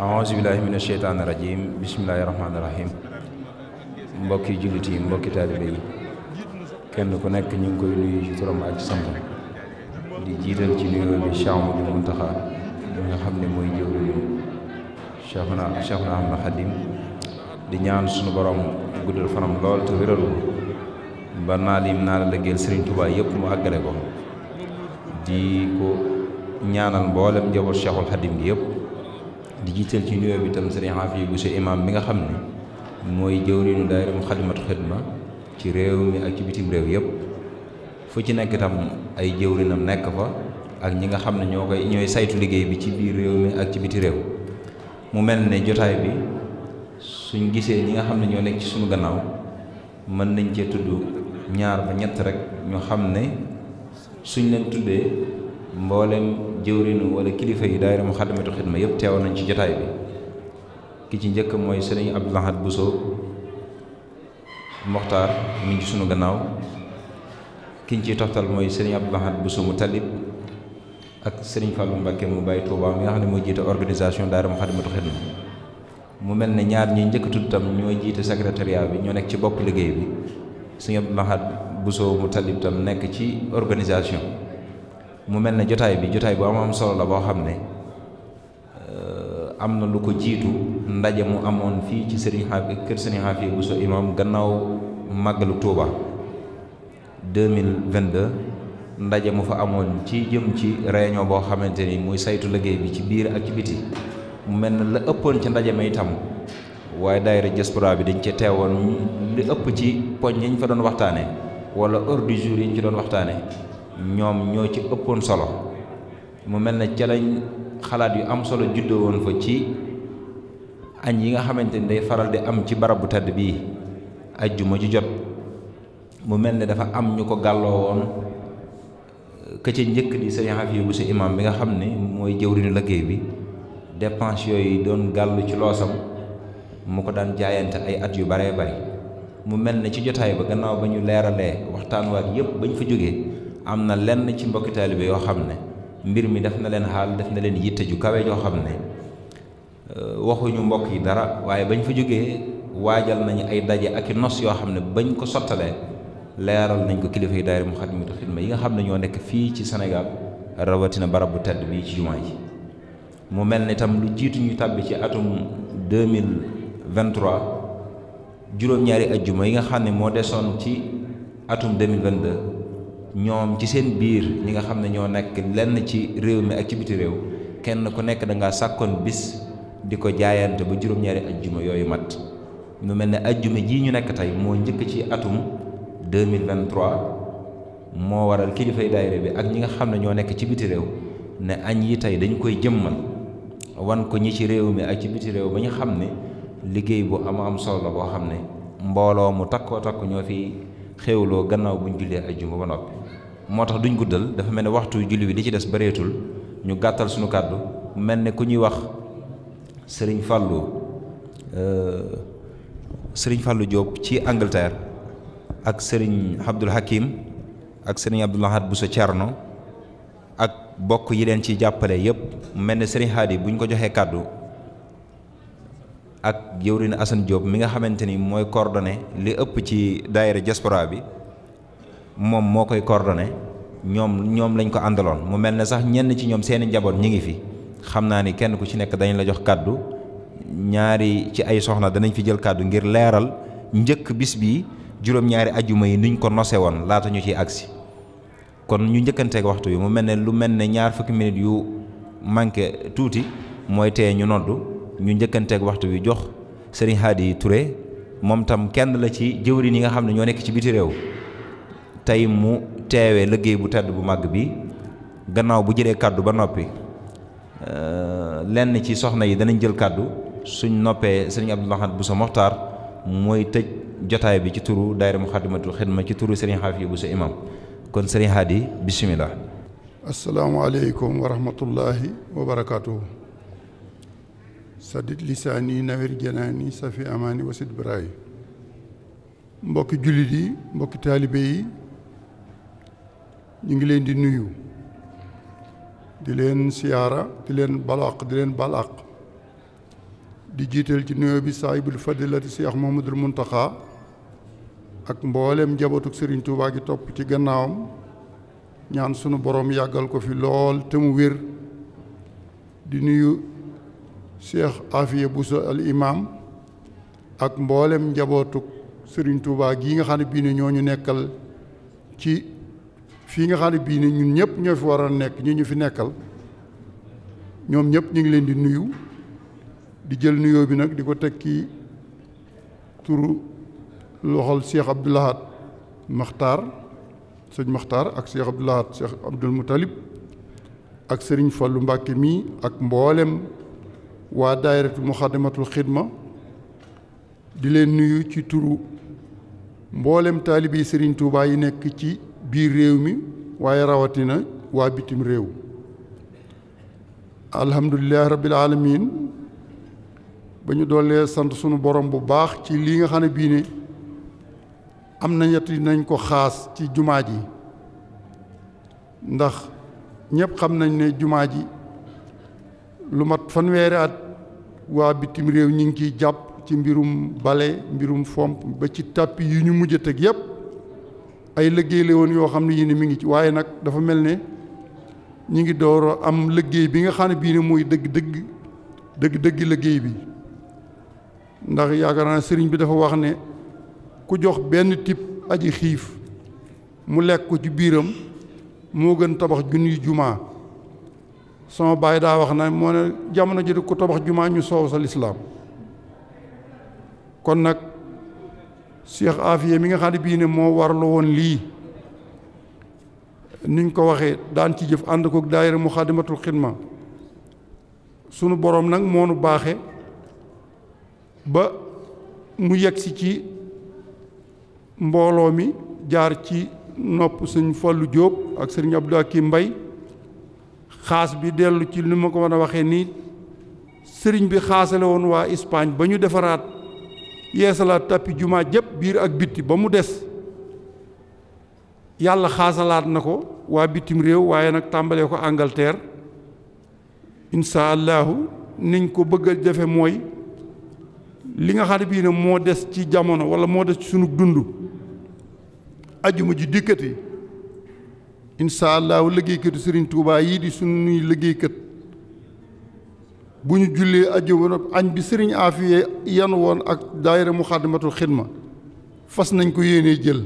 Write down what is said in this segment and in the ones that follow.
aouzu billahi min asheytaani rajim bismillahi rahmaani rahim mbokki jullit yi mbokki taalibe yi kenn ku nekk ñu ngi koy nuyu ci turam ak sant di jiital ci nuyoo bi Cheikh Amadou Muntaxa nga xam ne mooy jëwriñu Cheikhuna Cheikhuna Ahmad Xadim di ñaan sunu borom guddal fanam lool te wéral ko ba naa lim naa la liggéeyal Serigne Touba yëpp mu àggale ko di ko ñaanal mboolem njaboot Cheikhul Xadim gi yëpp. di jiital ci nuyoo bi tam sëriñ Afiya bu sa imam bi nga xam ne mooy jëwriñu daayira Moukhaddamatoul Khidma ci réew mi ak ci bitim réew yëpp fu ci nekk itam ay jëwriñam nekk fa ak ñi nga xam ne ñoo koy ñooy saytu liggéey bi ci biir réew mi ak ci biti réew mu mel ne jotaay bi suñ gisee ñi nga xam ne ñoo nekk ci suñu gannaaw mën nañ cee tudd ñaar ba ñett rekk ñu xam ne suñ leen tuddee mboolem jëwrinu wala kilifa yi daayira Muxaddamatul Xidma yëpp teew nañ ci jotaay bi ki ci njëkk mooy sëriñ Abdul Ahad Bousso Moxtaar mi ngi ci sunu gannaaw ki ñu ciy toftal mooy sëriñ Abdul Ahad Bousso mu talib ak sëriñ Fallou Mbacke mu bàyyi Touba mi nga ne moo jiite organisation daayira Muxaddamatul Xidma mu mel ne ñaar ñi njëkk tudd tam ñoo jiite secrétariat bi ñoo nekk ci bopp liggéey bi sëriñ Abdul Ahad Bousso mu talib tam nekk ci organisation. mu mel ne jotaay bi jotaay bu am am solo la boo xam ne am na lu ko jiitu ndaje mu amoon fii ci Serigne Xaafi kër Serigne Xaafi Bousso imam gannaaw màggalu Touba 2022 ndaje mu fa amoon ci jëm ci réunion boo xamante ni muy saytu liggéey bi ci biir ak ci biti mu mel ne la ëppoon ci ndaje ma itam waaye daayira diaspora bi dañ ci teewoon li ëpp ci poñ yi ñu fa doon waxtaane wala heure du jour yi ñu ci doon waxtaane ñoom ñoo ci ëppoon solo mu mel ne ca xalaat yu am solo juddoo woon fa ci añ yi nga xamante ni day faral di am ci barab bu tedd bii juma ju jot mu mel ne dafa am ñu ko gàlloo woon ka njëkk di sëriñ Xafiyu bu sa imam bi nga xam ne mooy jëwriñu liggéey bi dépense yooyu doon gàll ci loosam mu ko daan jaayante ay at yu baree bari mu mel ne ci jotaay ba gannaaw ba ñu leeralee waxtaan waak yépp bañ fa jógee am na lenn ci mbokki taalibe yoo xam ne mbir mi def na leen xaal def na leen yitte ju kawe joo xam ne euh, waxuñu mbokk yi dara waaye bañ fa jógee waajal nañu ay daje ak i nos yoo xam ne bañ ko sottalee leeral nañ ko kilifa yi daayira Moukhaddamatoul Khidma yi nga xam ne ñoo nekk fii ci Sénégal rawatina barab bu tedd bii ci jumaa ji mu mel ni itam lu jiitu ñu tàbbi ci atum 2023 juróom-ñaari ajjuma yi nga xam ne moo desoon ci atum 2022 ñoom ci seen biir ñi nga xam ne ñoo nekk lenn ci réew mi ak ci biti réew kenn ku nekk da ngaa sàkkoon bis di ko jaayante ba juróom-ñaari ajjuma yooyu mat mu mel ne ajjuma jii ñu nekk tey moo njëkk ci atum 2023 moo waral kilifay daayira bi ak ñi nga xam ne ñoo nekk ci biti réew ne añ yi tey dañ koy jëmmal wan ko ñi ci réew mi ak ci biti réew ba ñu xam ne liggéey bu am am solo la boo xam ne mbooloo mu takkoo takk ñoo fi xéwloo gannaaw buñ jullee ajjuma ba noppi moo tax duñ guddal dafa mel ne waxtu julli bi li ci des bareetul ñu gàttal sunu kàddu mel ni ku ñuy wax sëriñ fàllu euh, sëriñ fàllu Diop ci Angleterre ak sëriñ Abdul Hakim ak sëriñ Abdul Ahad Bousso Thierno ak bokk yi leen ci jàppale yëpp mel ni sëriñ Hadi bu ñu ko joxee kàddu ak jëwriñ Assane Diop mi nga xamante ni mooy coordonné li ëpp ci daayira diaspora bi moom moo koy coordonné ñoom ñoom lañ ko àndaloon mu mel ne sax ñenn ci ñoom seeni njaboot ñi ngi fi xam naa ni kenn ku ci nekk dañu la jox kàddu ñaari ci ay soxna danañ fi jël kàddu ngir leeral njëkk bis bi juróom-ñaari ajjuma yi nuñ ko nose woon laata ñu ciy agsi kon ñu njëkkanteeg waxtu bi mu mel ne lu mel ne ñaar fukki minutes yu manqué tuuti mooy tee ñu noddu ñu njëkkanteeg waxtu wi jox Serigne Hadi Touré moom tam kenn la ci jëwriñ yi nga xam ne ñoo nekk ci biti réew tey mu teewee liggéey bu tedd bu màgg bi gannaaw bu jëlee kàddu ba noppi euh, lenn ci soxna yi danañ jël kàddu suñ noppee sëriñ Abdou bu Bousso Mokhtar mooy tëj jotaay bi ci turu daayira Muxaddamatul Xidma ci turu sëriñ Xaafi Bousso imam kon sëriñ Haadi bisimilah. asalaamaaleykum wa rahmatullahi wa barakaatu. lisaani nawir janaani safi amaani wasit baraay mbokki jullit yi mbokki taalibe yi. ñu ngi leen di nuyu di leen siyaara di leen balaq di leen balaq di jiital ci nuyoo bi saahibul fadilati Cheikh Mouhamadoul Mountakha ak mboolem njabootug sëriñ Touba gi topp ci gannaawam ñaan sunu boroom yàggal ko fi lool te mu wér di nuyu Cheikh Afia Bousso al imam ak mboolem njabootug sëriñ Touba gi nga xam ne bii ñoo ñu nekkal ci fii nga xam bii ni ñun ñëpp ñoo fi war a nekk ñu ñu fi nekkal ñoom ñëpp ñu ngi leen di nuyu di jël nuyoo bi nag di ko teg ci turu loxol Cheikh Abdoul Makhtar sëñ Makhtar ak Cheikh Abdoul Ahad Cheikh Abdoul Moutalib ak Serigne Fallou Mbacke mii ak mboolem waa daayiratu Muxaddamatul Xidma di leen nuyu ci turu mboolem taalibi sëriñ Touba yi nekk ci. biir réew mi waaye rawatina waa bitim réew alhamdulilah rabbil alamin ba ñu doolee sant sunu borom bu baax ci lii nga xam ne bii ne am na ñetti nañ ko xaas ci jumaa ji ndax ñëpp xam nañ ne jumaa ji lu mat fanweeri at waa bitim réew ñi ngi ciy jàpp ci mbirum bale mbirum fomp ba ci tàppi yu ñu mujj teg yëpp ay liggéey la woon yoo xam ne yi ne mu ngi ci waaye nag dafa mel ne ñu ngi door am liggéey bi nga xam bii ne mooy dëgg dëgg dëgg dëgg liggéey bi ndax yaakaar sëriñ bi dafa wax ne ku jox benn tip aji xiif mu lekk ko ci biiram moo gën tabax junniy jumaa sama baay daa wax na moo ne jamono ji ko tabax jumaa ñu soow sa lislaam kon nag Cheikh Afia mi nga xam ne bii ne moo war warlu woon lii niñ ko waxee daan ci jëf ànd kook daayira Muxaddamatul Xidma sunu boroom nag moo nu baaxe ba mu yegsi ci mbooloo mi jaar ci nopp sëñ Fallu Jóob ak sëñ Abdou Akim Mbay xaas bi dellu ci li ma ko mën a waxee nii sëriñ bi xaasale woon waa Espagne ba ñu defaraat yeesalaat tappi jumaa jépp biir ak bitti ba mu des yàlla xaasalaat na ko waa bitim réew waaye nag tàmbalee ko Angleterre incha allahu niñ ko bëgg a defe mooy li nga xam bii ne moo des ci jamono wala moo des ci sunu dund ajuma ji dikkati incha allahu liggéeykatu Serigne Touba yii di nuy liggéeykat bu ñu jullee ajjuma ba noppi añ bi sëriñ Afiye yan woon ak mu daayira matul Xidma fas nañ ko yéenee jël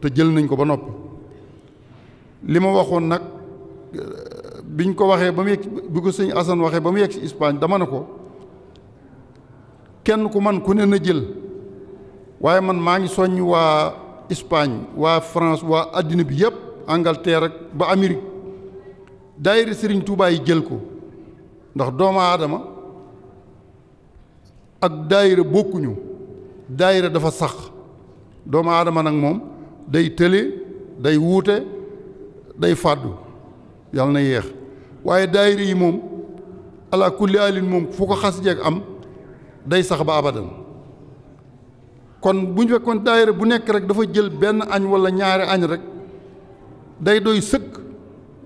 te jël nañ ko ba noppi li ma waxoon nag euh, biñ ko waxee ba mu yegg bi ko sëñ Assane waxee ba mu yekk si Espagne dama ne ko kenn ku man ku ne na jël waaye man maa ngi soññ waa Espagne waa France waa àddina bi yëpp Angleterre ak ba Amérique daayira sëriñ Touba yi jël ko. ndax doomu aadama ak daayira bokkuñu daayira dafa sax doomu aadama nag moom day tële day wuute day fàddu yàlla na yéex waaye daayira yi moom ala kulli alin moom fu ko xas jeeg am day sax ba abadan kon bu ñu fekkoon daayira bu nekk rek dafa jël benn añ wala ñaari añ rek day doy sëkk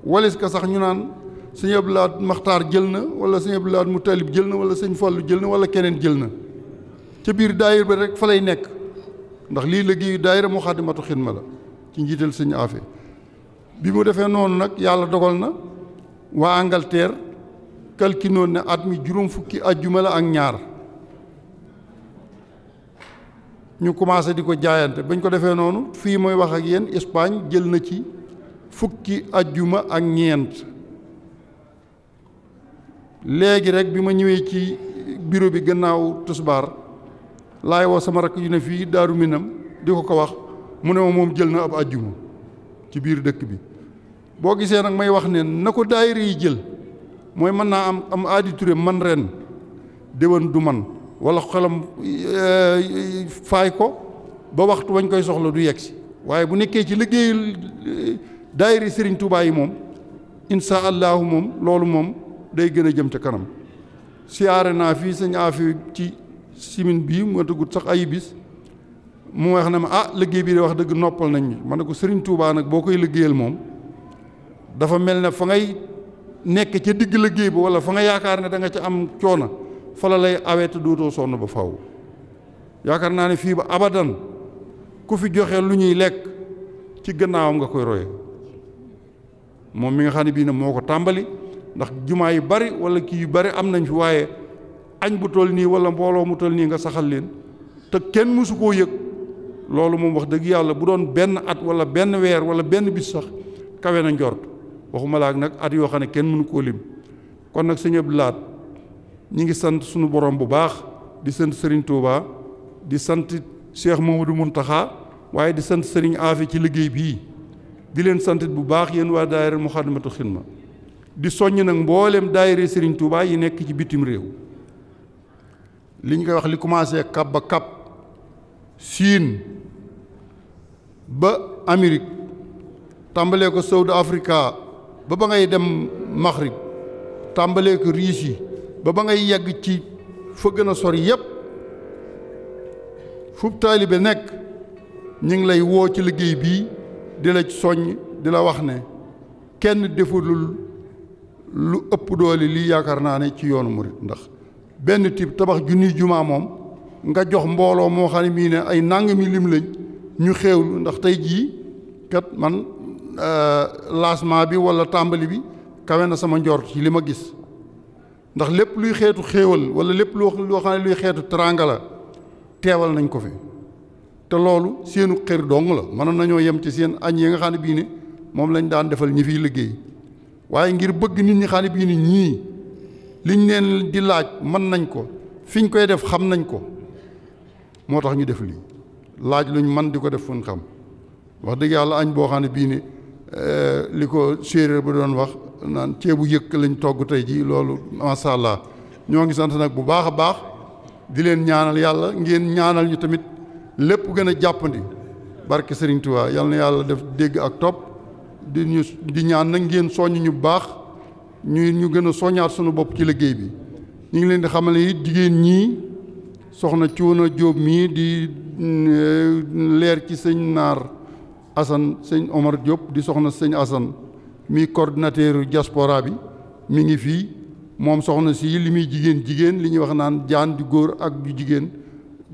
walis ka sax ñu naan sëñ Abdou Lahad Maxtaar jël na wala sëñ Abdou Lahad Moutalib jël na wala sëñ Fallu jël na wala keneen jël na ci biir daayir bi rek fa lay nekk ndax lii liggéeyu daayira mu xaddimatu ma la ci njiital sëñ Afe bi mu defee noonu nag yàlla dogal na waa Angleterre kalkinoon ne at mi juróom fukki ajjuma la ak ñaar ñu commencé di ko jaayante bañ ko defee noonu fii mooy wax ak yenn Espagne jël na ci fukki ajjuma ak ñeent léegi rek bi ma ñëwee ci bureau bi gannaaw tusbaar laay woo sama rakk yu ne fii daaru minam di ko ko wax mu ne ma moom jël na ab àjjuma ci biir dëkk bi boo gisee nag may wax ne na ko daayira yi jël mooy mën naa am am aadi ture man ren déwén du man wala xelam eh, faay ko ba waxtu wañ koy soxla du yegsi waaye bu nekkee ci liggéeyul eh, daayira Serigne Touba yi moom incha allahu moom loolu moom day gën a jëm ca kanam siyaare naa fii sëñ Afi ci simin bii mu tagut sax ay bis mu wax ne ma ah liggéey bi de wax dëgg noppal nañ man ne ko Serigne Touba nag boo koy liggéeyal moom dafa mel ne fa ngay nekk ca digg liggéey bi wala fa nga yaakaar ne danga nga ca am coona fa la lay awete dootoo sonn ba faw yaakaar naa ne fii ba abadan ku fi joxe lu ñuy lekk ci gannaawam nga koy roye moom mi nga xam ne bii nag moo ko tàmbali. ndax jumaa yu bari wala kii yu bari am nañ fi waaye añ bu toll nii wala mbooloo mu toll nii nga saxal leen te kenn mësu koo yëg loolu moom wax dëgg yàlla bu doon benn at wala benn weer wala benn bis sax kawe na njort waxuma laak nag at yoo xam ne kenn mënu koo lim kon nag sëñ Abdou Lahat ñi ngi sant suñu borom bu baax di sant sëriñ Touba di sant Cheikh Mamadou taxaa waaye di sant Serigne Afi ci liggéey bii di leen santit bu baax yéen waa daayira Moukhaddamatoul Khidma di soññ nag mbooleem daayira Serigne Touba yi nekk ci bitim réew li ñu koy wax li commencé kab ba kab Chine ba Amérique tàmbalee ko South Africa ba ba ngay dem Maghrib tàmbalee ko Russie ba ba ngay yegg ci fa gën a sor yépp fub taalibe nekk ñu ngi lay woo ci liggéey bii di la soññ di la wax ne kenn defulul lu ëpp doole lii yaakaar naa ne ci yoonu murit ndax benn type tabax junniy jumaa moom nga jox mbooloo moo xam ne mii ne ay nangami lim lañ ñu xéewlu ndax tey jii kat man euh, lancement bi walla tàmbali bi kawe na sama njort ci li ma gis ndax lépp luy xeetu xéewal walla lépp loo xam ne luy xeetu teraanga la teewal nañ ko fi te loolu seenu xër dong la mënoon nañoo yem ci seen añ yi nga xam ne bii ne moom lañ daan defal ñi fiy liggéey waaye ngir bëgg nit ñi xaalib yi ni ñii liñ leen di laaj man nañ ko fiñ koy def xam nañ ko moo tax ñu def lii laaj luñ man di ko def fuñ xam wax dëgg yàlla añ boo xam ne bii ni eh, li ko séeréer ba doon wax naan ceebu yëkk lañ togg tey jii loolu masha Allah ñoo ngi sant nag bu baax a baax di leen ñaanal yàlla ngeen ñaanal ñu tamit lépp gën a jàppandi barke Serigne Touba yal na yàlla def dégg ak topp di ñu di ñaan nag ngeen soññ ñu baax ñu ñu gën a soññaat suñu bopp ci liggéey bi ñu ngi leen di xamal ne it jigéen ñii soxna Cuuna Jóob mii di eh, leer ci sëñ naar Assane sëñ Omar Diop di soxna sëñ Assane mi coordinateur diaspora bi mi ngi fii moom soxna si li muy jigéen jigéen li ñuy wax naan jaan ju góor ak ju jigéen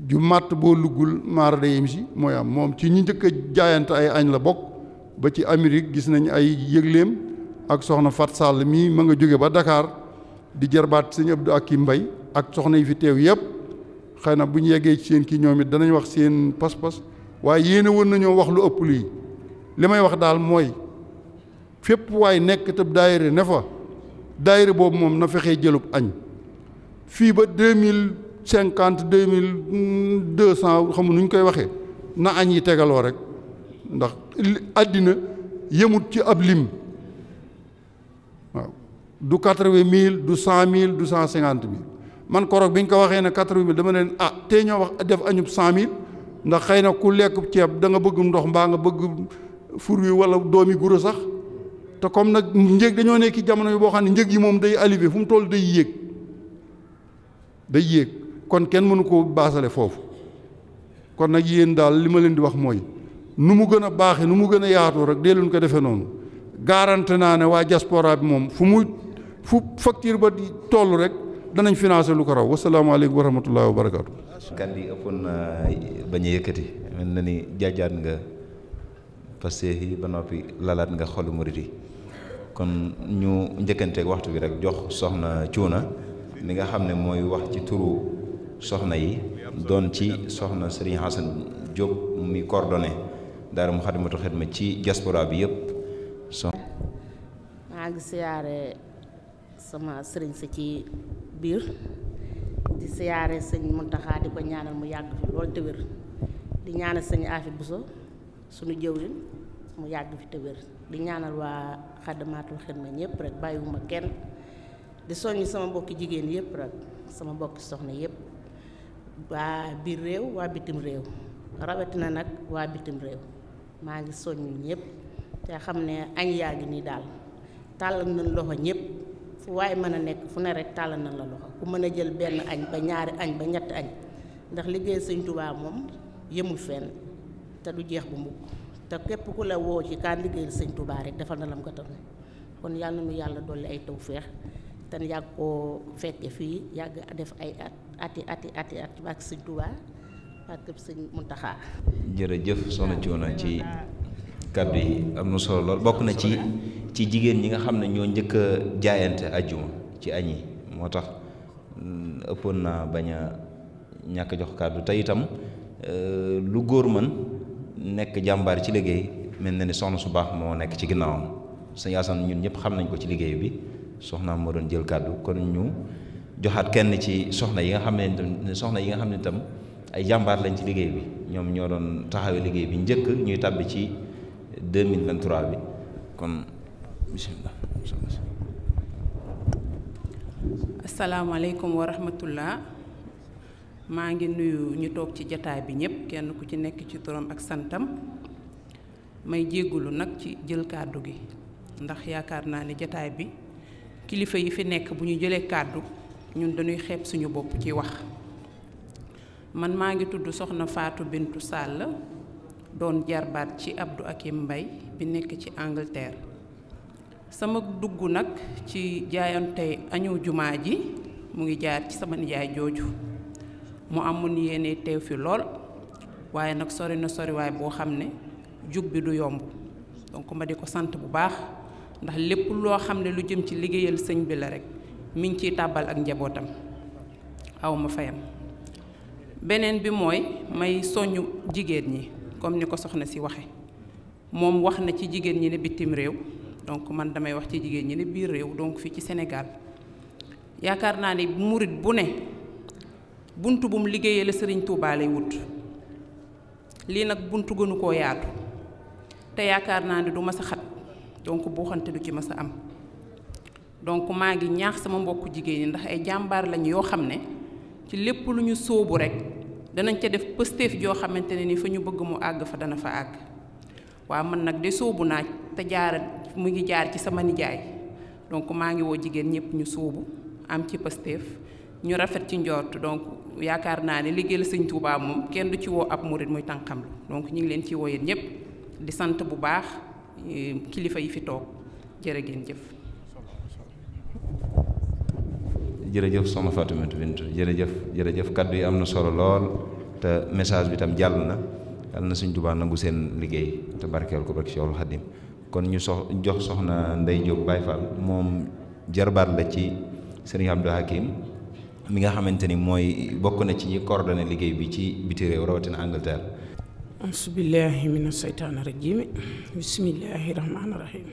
ju màtt boo luggul maara day yem mooy am moom ci ñu njëkk a jaayante ay añ la bokk ba ci Amérique gis nañ ay yëgleem ak soxna Fat mii ma nga jóge ba dakaar di jarbaat sëñ Abdou ak ki mbay ak soxna yi fi teew yëpp xëy na bu ñu yeggee ci seen kii ñoom it danañ wax seen pas-pas waaye yéene woon nañoo wax lu ëpp lii li may wax daal mooy fépp waaye nekk te daayira ne fa daayira boobu moom na fexee jëlub añ fii ba deux mille cinquante deux mille deux cent xam nu ñu koy waxee na añ yi tegaloo rek. ndax àddina yëmut ci ab lim waaw du quatre-vingt mille du cent mille du cent cinquante mille man korog bi ñu ko waxee ne quatre-vingt mille dama leen ah tey ñoo wax def añub cent mille ndax xëy na ku lekk ceeb da nga bëgg ndox mbaa nga bëgg fur wi wala doomi guro sax te comme nag njëg dañoo nekk jamono yi boo xam ne njëg yi moom day alivé fu mu toll day yéeg day yéeg kon kenn mënu ko baasale foofu kon nag yéen daal li ma leen di wax mooy nu mu gën a baaxee nu mu gën a yaatoo rek dee leen ko defee noonu garanti naa ne waa diaspora bi moom fu muy fu facture ba di toll rek danañ financé lu ko raw wasalaamaaleykum wa rahmatullahi wa barakaatu. kan yi ëppoon na euh, bañ yëkkati mel na ni jaajaat nga Pastef yi ba noppi lalaat nga xolu murit kon ñu njëkkanteek waxtu bi rek jox soxna cuuna mi nga xam ne mooy wax ci turu soxna yi doon ci soxna Serigne Hassan Diop mi coordonné. daara Moukhaddamatoul Khidma ci diaspora bi yëpp. maa ngi siyaare sama ci biir di sëñ Muntaxa ñaanal mu yàgg fi lool te wér di ñaanal sëñ Afi Buso sunu jëwriñ mu yàgg fi te di ñaanal waa Moukhaddamatoul Khidma ñëpp rek bàyyiwuma kenn di soññ sama mbokki jigéen yëpp rek sama mbokki soxna yëpp waa biir réew waa bitim réew rawatina nag waa bitim réew maa ngi soññu ñëpp te xam ne añ yaa ngi nii daal tàllal na loxo ñëpp fu waaye mën a nekk fu ne rek tàllal nañ la loxo ku mën a jël benn añ ba ñaari añ ba ñett añ ndax liggéey sëñ Tuubaa moom yemul fenn te du jeex bu mukk te képp ku la woo ci kaan liggéeyal sëñ Tuubaa rek defal na lam ko tam kon yàlla nu yàlla dolli ay feex te yàgg koo fekke fii yàgg def ay at ati ati ati at ci barke sëñ Tuubaa barkeb sëñ Muntaxa jërëjëf soxna Cuuna ci kàddu yi am na solo lool bokk na ci ci jigéen ñi nga xam ne ñoo njëkk a jaayante ajjuma ci añ yi moo tax mm, ëppoon naa bañ a ñàkk jox kàddu te itam euh, lu góor mën nekk jàmbaar ci liggéey mel na ni soxna su baax moo nekk ci ginnaawam sëñ Asan ñun ñëpp xam nañ ko ci liggéey bi soxnaam moo doon jël kàddu kon ñu joxaat kenn ci soxna yi nga xam ne soxna yi nga xam ne itam ay jàmbaar lañ ci liggéey bi ñoom ñoo doon taxawee liggéey bi njëkk ñuy tàbbi ci 2023 bi kon bismillah asalaamaaleykum wa rahmatullah maa ngi nuyu ñu toog ci jataay bi ñëpp kenn ku ci nekk ci turam ak santam may jéggulu nag ci jël kàddu gi ndax yaakaar naa ni jataay bi kilifa yi fi nekk bu ñu jëlee kàddu ñun dañuy xeeb suñu bopp ci wax man maa ngi tudd soxna Fatou Bintou Sall doon jarbaat ci Abdou Akim mbay bi nekk ci Angleterre sama dugg nag ci jaayante añu jumaa ji mu ngi jaar ci sama nijaay jooju mu amul yéene teew fi lool waaye nag sori na soriwaay boo xam ne jug bi du yomb donk ma di ko sant bu baax ndax lépp loo xam ne lu jëm ci liggéeyal sëñ bi la rek mi ngi ciy tàbbal ak njabootam awma ma fayam beneen bi mooy may soññ jigéen ñi comme ni ko soxna si waxe moom wax na ci jigéen ñi ne bitim réew donc man damay wax ci jigéen ñi ne biir réew donc fii ci senegaal yaakaar naa ne murit bu ne bunt bu mu liggéeyee la Sëriñ Tuubaa lay wut lii nag bunt gënu koo yaatu te yaakaar naa ne du mas a xat donc buuxante du ci mas a am donc maa ngi ñaax sama mbokku jigéen ñi ndax ay jàmbaar lañ yoo xam ne ci lépp lu ñu suubu rek danañ ca def pëstéef joo xamante ne ni fa ñu bëgg mu àgg fa dana fa àgg waaw mën nag de suubu naaj te jaara mu ngi jaar ci sama nijaay donc maa ngi woo jigéen ñëpp ñu suubu am ci pëstéef ñu rafet ci njort donc yaakaar naa ne liggéeyal sëñ Tuubaa moom kenn du ci woo ab murit muy tànkam donc ñu ngi leen ci woo yéen ñëpp di sant bu baax eh, kilifa yi fi toog jërë ngeen jëf jërëjëf soxna Fatimatu Bintu jërëjëf jërëjëf kaddu yi am na solo lool te message bi tam jàll na yal na suñ Tuubaa nangu seen liggéey te barkeel ko barke Cheikhul Khadim kon ñu sox jox soxna Ndey Jóob Baay Faal moom jarbaat la ci Sëriñ Abdou Hakim mi nga xamante ni mooy bokk na ci ñi coordonné liggéey bi ci biti réew rawatina Angleterre. asubillahi mina seytaani rajiim bismillahi rahmaani rahiim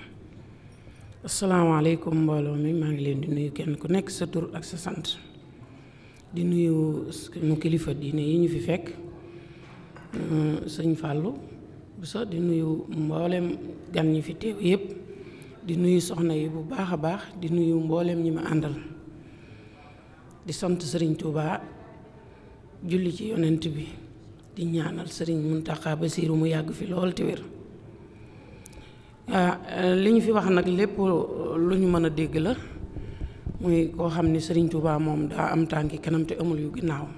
asalaamaaleykum mbooloo mi maa ngi leen di nuyu kenn ku nekk sa tur ak sa sant di nuyu nu kilifa diine yi ñu fi fekk euh, sëñ Fàllu bu sa di nuyu mboolem gan ñi fi teew yëpp di nuyu soxna yi bu baax a baax di nuyu mboolem ñi ma àndal di sant sëriñ Tuubaa julli ci yonent bi di ñaanal sëriñ Muntaxa Basiiru mu yàgg fi lool te Euh, euh, li ñu fi wax nag lépp lu ñu mën a dégg la muy koo xam ni Serigne Touba moom daa am tànki kanam te amul yu ginnaaw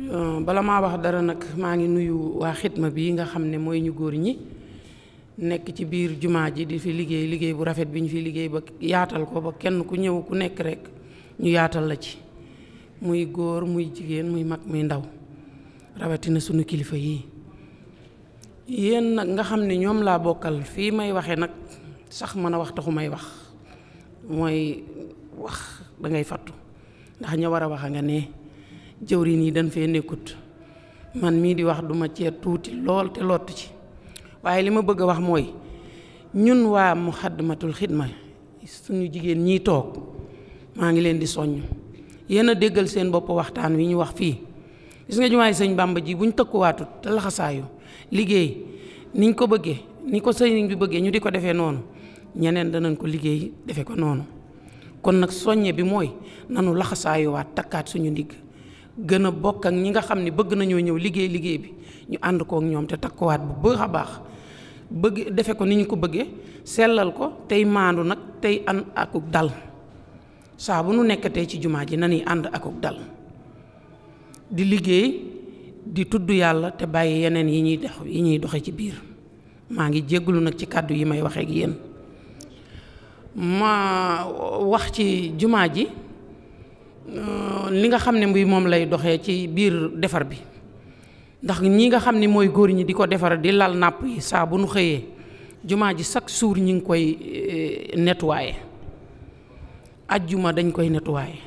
euh, bala maa wax dara nag maa ngi nuyu waa xitma bii nga xam ne mooy ñu góor ñi nekk ci biir jumaa ji di fi liggéey liggéey bu rafet bi ñu fi liggéey ba yaatal ko ba kenn ku ñëw ku nekk rek ñu yaatal la ci muy góor muy jigéen muy mag muy ndaw rawatina sunu kilifa yii yéen nag nga xam ni ñoom laa bokkal fii may waxee nag sax mën a wax taxu may wax mooy wax dangay fattu ndax ña war a wax a nga ne jëwriñ yi dañ fee nekkut man mii di wax duma cee tuuti lool te lottu ci waaye li ma bëgg a wax mooy ñun waa mu Muxaddamatul Xidma suñu jigéen ñii toog maa ngi leen di soññ yéen a déggal seen boppu waxtaan wi ñu wax fii gis nga jumaay sëñ mbàmba ji buñ tëkkuwaatut te laxasaayu liggéey niñ ko bëggee ni ko sëriñ bi bëggee ñu di ko defee noonu ñeneen danañ ko liggéey defe ko noonu kon nag soññe bi mooy nanu laxasaayuwaat takkaat suñu ndigg gën a bokk ak ñi nga xam ne bëgg nañoo ñëw liggéey liggéey bi ñu ànd kook ñoom te takkuwaat bu baax a baax bëgg defe ko ni ñu ko bëggee sellal ko tey maandu nag tey ànd akuk dal saa bu nekk nekkatee ci jumaa ji na ànd akuk dal di liggéey di tudd yàlla te bàyyi yeneen yi ñuy dox yi ñuy doxe ci biir maa ngi jégglu nag ci kàddu yi may waxeek yéen ma wax ci jumaa ji euh, li nga xam ne muy moom lay doxee ci biir defar bi ndax ñi nga xam ne mooy góor ñi di ko defar di lal nàpp yi saa bu nu xëyee jumaa ji chaque jour ñi ngi koy euh, nettoyer ajjuma dañ koy nettoyer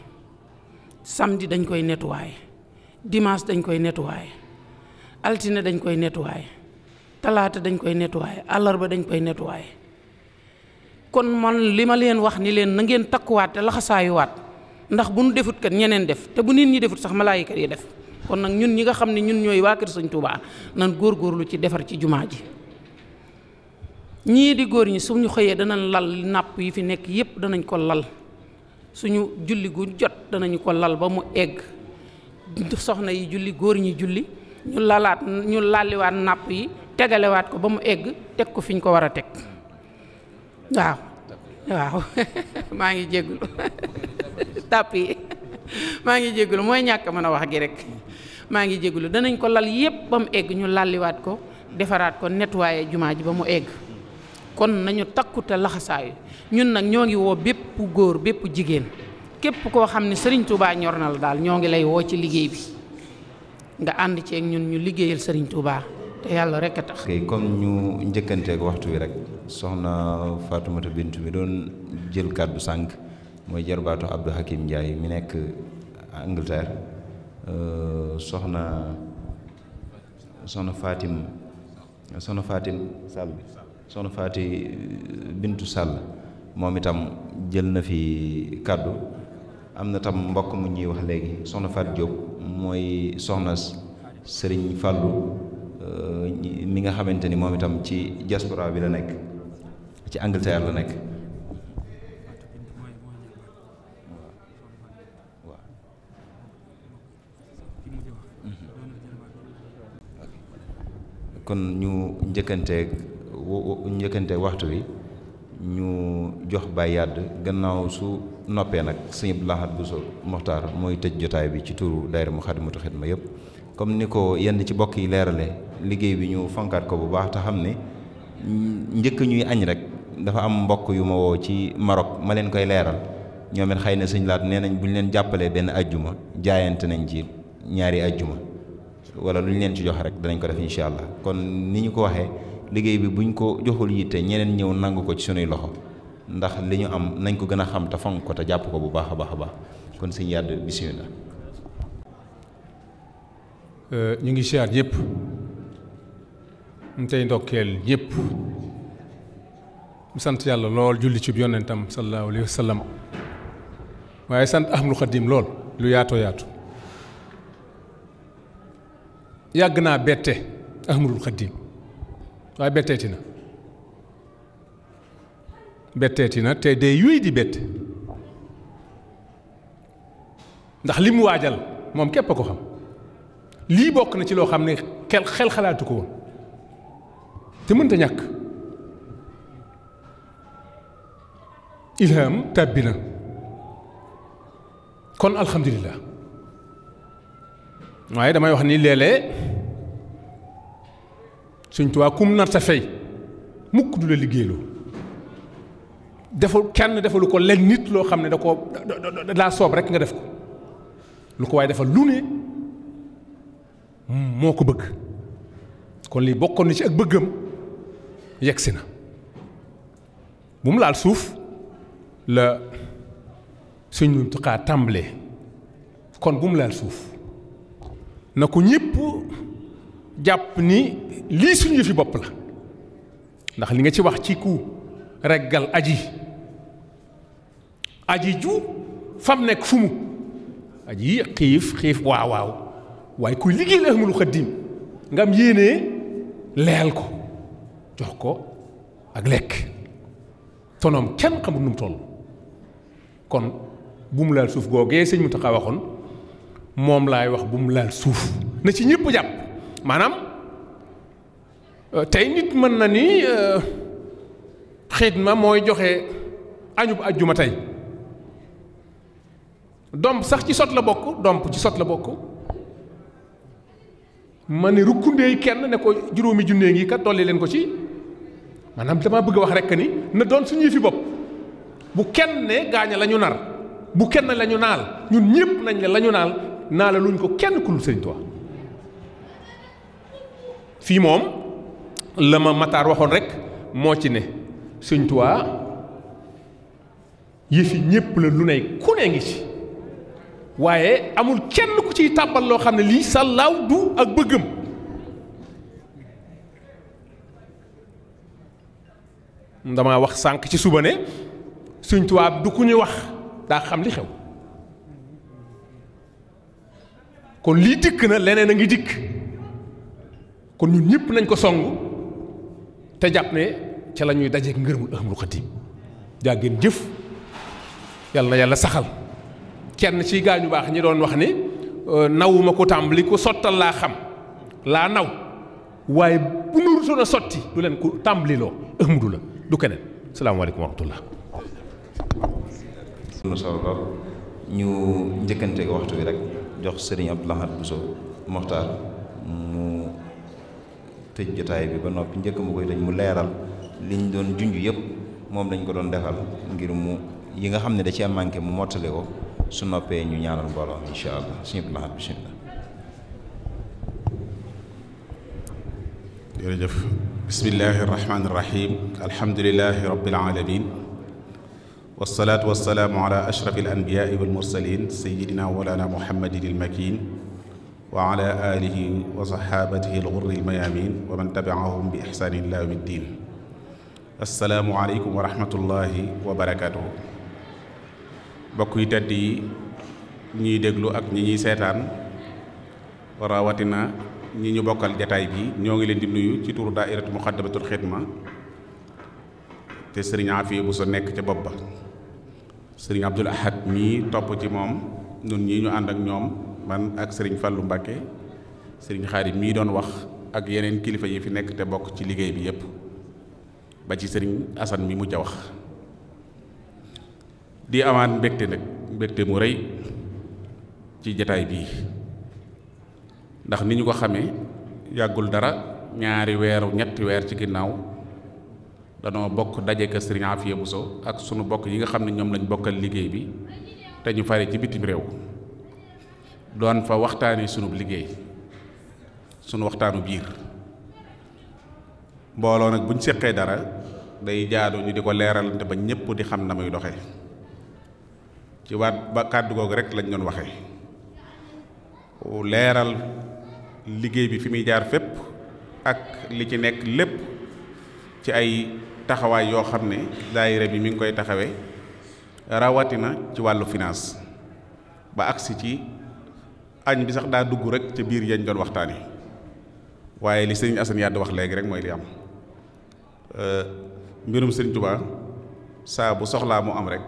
samedi dañ koy nettoyer dimaas dañ koy nettoyé altine dañ koy nettoyé talaata dañ koy nettoyé àllarba dañ koy nettoyé kon man li ma leen wax ni leen na ngeen takkuwaat te laxasaayuwaat ndax bu nu defut kat ñeneen def te bu nit ñi defut sax malaayika yi def kon nag ñun ñi nga xam ne ñun ñooy waa kër Sëñ Tuubaa nan góor góorgóorlu ci defar ci jumaa ji ñii di góor ñi suñu xëyee danañ lal nàpp yi fi nekk yépp danañ ko lal suñu julli gu jot danañu ko lal ba mu egg soxna yi julli góor ñi julli ñu lalaat ñu lalliwaat napp yi tegalewaat ko ba mu egg teg ko fi ñu ko war a teg waaw waaw maa ngi jéggulu tàpp yi maa ngi jéggulu mooy ñàkk mën a wax gi rek maa ngi jéggulu danañ ko lal yépp ba mu egg ñu lalliwaat ko defaraat ko nettoyé jumaa ji ba mu egg kon nañu takkute laxasaayu ñun nag ñoo ngi woo bépp góor bépp jigéen képp koo xam ne sëriñ Touba ñor na la daal ñoo ngi lay woo ci liggéey bi nga ànd ceeg ñun ñu liggéeyal sëriñ Touba te yàlla rek a tax. ok comme ñu njëkkanteeg waxtu wi rek soxna Fatoumata Bintu mi doon jël kàddu sànq mooy jarbaatu Abdou Hakim mi nekk Angleterre euh, soxna soxna Fatim soxna Fatim euh, Bintu sàll moom itam jël na fi kàddu. am na tam mbokk mu ñuy wax léegi soxna Fatou Diop mooy soxna sëriñ Fallou euh, mi nga xamante ni moom itam ci diaspora bi la nekk ci Angleterre la nekk kon ñu njëkkanteeg njëkkante waxtu wi ñu jox Baye Yade gannaaw su noppee nag sëñ Abdou Lahad Bousso Mokhtar mooy tëj jotaay bi ci turu daayira xet ma yëpp comme ni ko yenn ci bokk yi leerale liggéey bi ñu fonkaat ko bu baax te xam ni njëkk ñuy añ rek dafa am mbokk yu ma woo ci Maroc ma leen koy leeral ñoom it xëy na sëñ laat nee nañ bu ñu leen jàppalee benn ajjuma jaayante nañ ci ñaari ajjuma wala lu ñu leen ci jox rek danañ ko def incha allah kon ni ñu ko waxee. liggéey bi buñ ko joxul yitte ñeneen ñëw nangu ko ci sunuy loxo ndax li ñu am nañ ko gën a xam te fonk ko te jàpp ko bu baax a baax a baax kon sëñ yàdd bismillah euh, ñu ngi siyaat ñëpp ñu tey ndokkeel ñëpp mu sant yàlla lool julli ci yonentam sallallahu alayhi wa waaye sant Ahmadul Xadim lool lu yaatoo yaatu yàgg naa bette Ahmadul Xadim waaye betteeti na betteeti na te day yooyu di bett ndax li mu waajal moom képp a ko xam lii bokk na ci loo xam ne xel xel xalaatu ko woon te mënta ñàkk ilham tàbbi na kon alhamdulilah waaye damay wax ni léeg Sëñ tuwaa kum nar sa fay mukk du la liggéeyloo deful kenn defalu ko lenn nit loo xam ne da ko daa soob rek nga def ko lu ko waaye defal lu ne moo ko bëgg kon lii bokkoon na ci ak bëggam yegsi na bu mu laal suuf la sëñ Muntaxaa tàmbalee kon bu mu laal suuf na ko ñépp jàpp ni lii suñu yëfi bopp la ndax li nga ci wax ci ku reggal aji aji ju fam nekk fu mu aji xiif xiif waaw waaw waaye kuy liggéey la amul xaddim nga am yéenee ko jox ko ak lekk tonoom kenn xamul nu mu kon bu laal suuf googee sëñ Mountakha waxoon moom laay wax bu mu laal suuf ne ci ñëpp jàpp maanaam euh, tey nit mën na ni euh, ma mooy joxe añub ajjuma tey domp sax ci sot la bokk domp ci sot la bokk ma ne rukkundeey kenn ne ko juróomi junnee ngi kat dolli leen ko ci maanaam dama bëgg a wax rekk ni na doon suñuy fi bopp bu kenn ne gaaña lañu ñu nar bu kenn lañu naal ñun ñëpp nañ ne la ñu naal naala luñ ko kenn ku lu Sëriñ fii moom la ma Matar waxoon rek moo ci ne Sëñ Tuubaa yëfi ñépp la lu nekk ku ne ngi ci waaye amul kenn ku ciy tàbbal loo xam ne lii sàllaaw du ak bëggam damaa wax sànq ci suba ne Sëñ Tuubaa du ku ñu wax daa xam li xew kon lii dikk na leneen a ngi dikk kon ñun ñëpp nañ ko song te jàpp ne ca la ñuy dajeek ngërëmul Ahmadul Xadim jaa jëf yàlla na yàlla saxal kenn ci gaañu baax ñi doon wax ni euh, nawuma ko tàmbali ko sottal laa xam laa naw waaye bu nu rutoon a sotti du leen ku tàmbaliloo Ahmadu la du keneen salaamaaleykum wa rahmatullah ñu njëkkante waxtu bi rek jox sëriñ Abdou Lahad Bousso Moxtaar tëj jotaay bi ba noppi njëkk mu koy tëj mu leeral liñ doon junj yépp moom lañ ko doon defal ngir mu yi nga xam ne da cee manqué mu mottale ko su noppee ñu ñaanal mbooloo mi incha allah suñu bilaat bisimilah. jërëjëf bismillahi rahmaani rahim alhamdulilahi rabbil alamin wasalaatu wasalaamu ala makin wa ala alihi wa saxaabatihi alxurri almayaamin wa man tabiahum bi ixsaan ila yawmi assalaamu aleykum wa rahmatullahi wa barakaatuhu mbokk yi tedd yi ñuy déglu ak ñi ñuy seetaan rawatina ñi ñu bokkal jataay bi ñoo ngi leen di nuyu ci turu daairatu muxaddamatul xidma te sëriñ Afiya bu sa nekk ca bopp ba sëriñ Abdul Ahad mii topp ci moom nun ñii ñu ànd ak ñoom man ak sëriñ Fallou Mbacké sëriñ Xaadim mii doon wax ak yeneen kilifa yi fi nekk te bokk ci liggéey bi yépp ba ci sëriñ Assane mi mujj a wax di amaan mbégte nag mbégte mu rëy ci jataay bii ndax ni ñu ko xame yàggul dara ñaari weeru ñetti weer ci ginnaaw danoo bokk daje ka sëriñ Afia Bousso ak sunu bokk yi nga xam ne ñoom lañu bokkal liggéey bi te ñu fare ci bitim réew doon fa waxtaane sunub liggéey sunu waxtaanu biir mbooloo nag buñ séqee dara day jaadu ñu di ko leeralante ba ñépp di xam na muy doxe ci waat ba kàddu googu rek lañ doon waxe leeral liggéey bi fi muy jaar fépp ak li ci nekk lépp ci ay taxawaay yoo xam ne daayira bi mi ngi koy taxawe rawatina ci wàllu finance ba agsi ci añ bi sax daa dugg rek ca biir yañ doon waxtaan yi waaye li sëriñ Assane Yàdd wax léegi rek mooy li am euh, mbirum sëriñ Touba saa bu soxlaa mu am rek